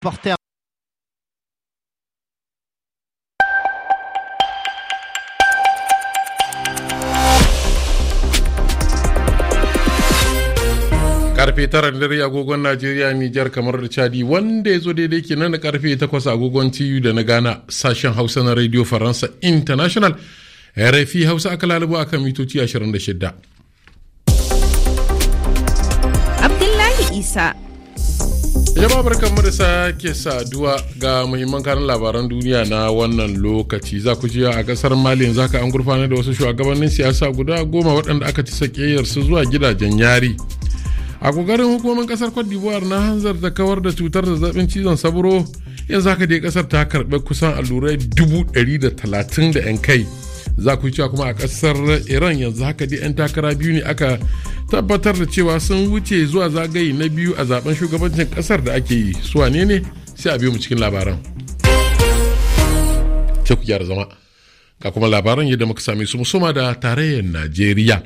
porter karfe tara da dare agogon najeriya nijar kamar da chadi wanda ya zo daidai ke nan karfe takwas agogon tiyu da na gana sashen hausa na radio faransa international rfi hausa aka a akan mitoci 26 abdullahi isa Jama'a barkan mu da sake saduwa ga muhimman karin labaran duniya na wannan lokaci. Za ku jiya a kasar Mali yanzu haka an gurfana da wasu shugabannin siyasa guda goma waɗanda aka ci sakeyar su zuwa gidajen yari. A kokarin hukumomin kasar Cote d'Ivoire na hanzar da kawar da cutar zazzabin cizon sabro yanzu haka dai kasar ta karɓi kusan allurai dubu ɗari da talatin da 'yan kai. Za ku ci kuma a kasar Iran yanzu haka dai 'yan takara biyu ne aka tabbatar da cewa sun wuce zuwa zagaye na biyu a zaben shugabancin kasar da ake yi su wane ne sai a biyu mu cikin labaran sai ku gyara zama ga kuma labaran yadda muka sami su musoma da tarayyar najeriya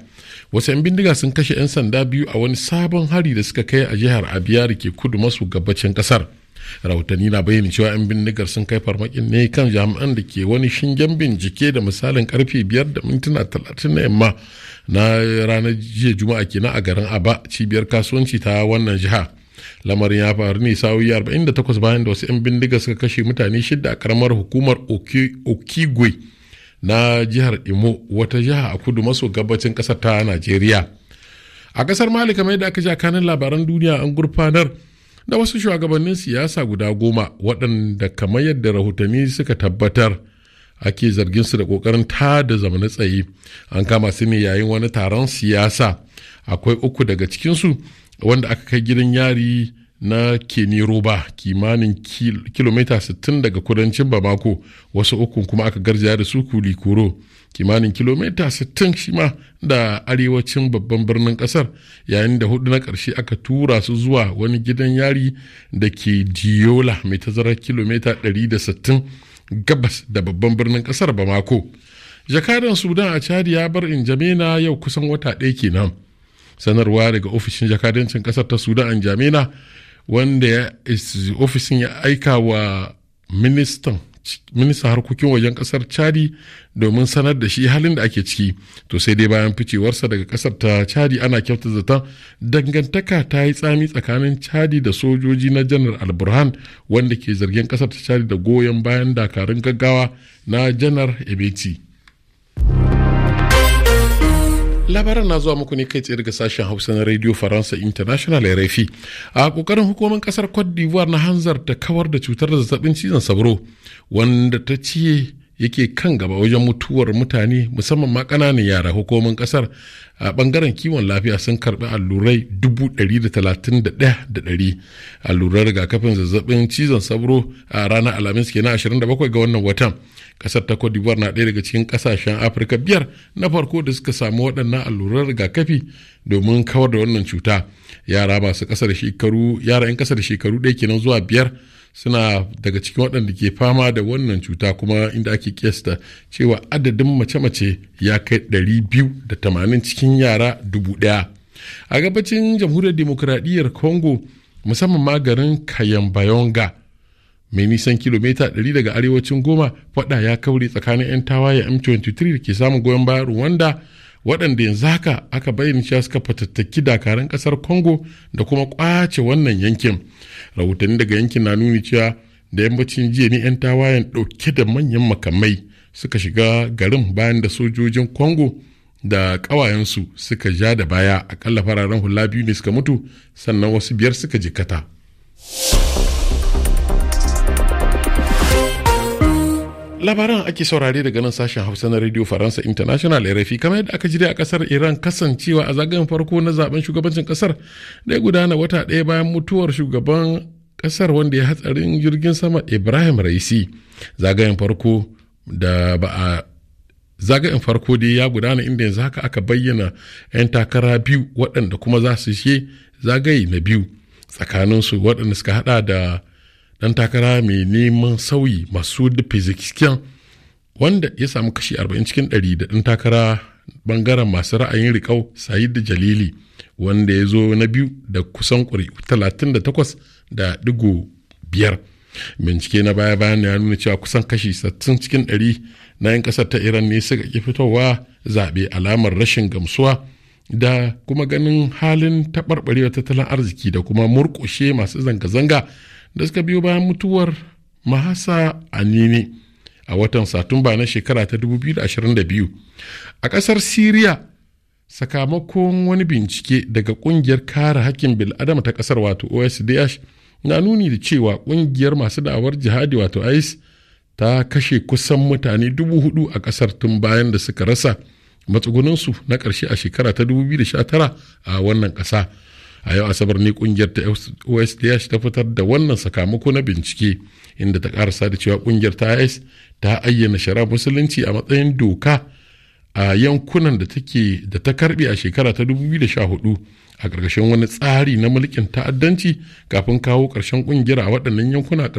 wasu 'yan bindiga sun kashe 'yan sanda biyu a wani sabon hari da suka kai a jihar abiyar da ke kudu maso gabacin kasar rahotanni na bayyana cewa 'yan bindigar sun kai farmakin ne kan jami'an da ke wani shingen bincike da misalin karfe biyar da mintuna talatin na yamma na ranar jiya juma'a kenan a garin aba cibiyar kasuwanci ta wannan jiha lamarin ya faru ne sa'o'i 48 bayan da wasu 'yan bindiga suka kashe mutane shida a karamar hukumar okigwe na jihar imo wata jiha a kudu maso gabacin ƙasar ta najeriya a ƙasar mali kamar yadda aka sha kanin labaran duniya an gurfanar da wasu shugabannin siyasa guda goma waɗanda kamar yadda rahotanni suka tabbatar ake zargin su da ƙoƙarin da zamani tsaye an kama su ne yayin wani taron siyasa akwai uku daga cikinsu wanda aka kai gidan yari na keniroba kimanin kilomita 60 daga kudancin bamako wasu ukun kuma aka garjaya da su kulikoro kimanin kilomita 60 shi ma da arewacin babban birnin kasar yayin da hudu na karshe aka tura su zuwa wani gidan yari da ke diola mai tazarar kilomita 160 gabas da babban birnin kasar bamako jakadan sudan a chadi ya bar injamena yau kusan wata ɗaya kenan sanarwa daga ofishin jakadancin kasar ta sudan an jamena. wanda ya ofishin ya aika wa ministan ministan harkokin wajen kasar chadi domin sanar da shi halin da ake ciki to sai dai bayan ficewarsa daga kasar ta chadi ana kyauta zata dangantaka ta yi tsami tsakanin chadi da sojoji na janar alburhan wanda ke zargin kasar ta chadi da goyon bayan dakarun gaggawa na janar ebeti labaran na zuwa muku ne kai tsaye daga sashen hausa na radio faransa international rfi a kokarin hukumar kasar cote d'ivoire na hanzar ta kawar da cutar zazzabin cizon sauro wanda ta ciye yake kan gaba wajen mutuwar mutane musamman ma ƙananan yara hukumomin ƙasar a ɓangaren kiwon lafiya sun karɓi allurai 131,100 allurar rigakafin zazzabin cizon sauro a ranar alhamis kenan 27 ga wannan watan ƙasar ta cote d'ivoire na ɗaya daga cikin ƙasashen afirka biyar na farko da suka samu waɗannan allurar rigakafi domin kawar da wannan cuta yara masu ƙasar shekaru yara 'yan ƙasar shekaru ɗaya kenan zuwa biyar suna daga cikin waɗanda ke fama da wannan cuta kuma inda ake kesta cewa adadin mace-mace ya kai da 280 cikin yara 1000 a gabacin jamhuriyar demokuraɗiyyar congo musamman ma garin kayambayonga mai nisan kilomita 100 daga arewacin goma faɗa ya kaure tsakanin 'yan tawaye m23 da ke samun goyon bayan rwanda waɗanda yanzu haka aka bayyana cewa suka fatattaki dakaran ƙasar congo da kuma ƙwace wannan yankin rahotanni daga yankin na nuni cewa da yammacin jiya ne 'yan tawayen ɗauke da manyan makamai suka shiga garin bayan da sojojin congo da ƙawayensu suka ja da baya akalla fararen hula biyu ne suka mutu sannan wasu biyar suka jikata. labaran ake saurare daga nan sashen hausa na radio faransa international rfi kamar yadda aka jira a kasar iran kasancewa a zagayen farko na zaben shugabancin kasar da ya gudana wata ɗaya bayan mutuwar shugaban kasar wanda ya hatsarin jirgin sama ibrahim raisi zagayen farko da ba a zagayen farko dai ya gudana inda yanzu haka aka bayyana 'yan takara biyu waɗanda kuma za su shi zagaye na biyu tsakanin su waɗanda suka hada da dan takara mai neman sauyi masu da wanda ya samu kashi 40 cikin 100 da dan takara bangaren masu ra'ayin rikau sayid jalili wanda ya zo na biyu da kusan kuri 38 da digo biyar bincike na baya bayan ya nuna cewa kusan kashi 60 cikin 100 na 'yan kasar ta iran ne suka ki fitowa zaɓe alamar rashin gamsuwa da kuma ganin halin taɓarɓarewa tattalin arziki da kuma murƙushe masu zanga-zanga da suka biyo bayan mutuwar mahasa anini a watan satumba na shekara ta 2022 a kasar siriya sakamakon wani bincike daga kungiyar kare hakkin bil'adama ta kasar wato osdh na nuni da cewa kungiyar masu da'awar jihadi wato ice ta kashe kusan mutane 4,000 a kasar tun bayan da suka rasa matsugunansu na ƙarshe a shekara ta 2019 a wannan ƙasa. a yau asabar ne kungiyar ta osdh ta fitar da wannan sakamako na bincike inda ta karasa da cewa kungiyar ta is ta ayyana shara musulunci a matsayin doka a yankunan da ta karbe a shekara ta 2014 a ƙarƙashin wani tsari na mulkin ta'addanci kafin kawo karshen kungiyar a waɗannan yankuna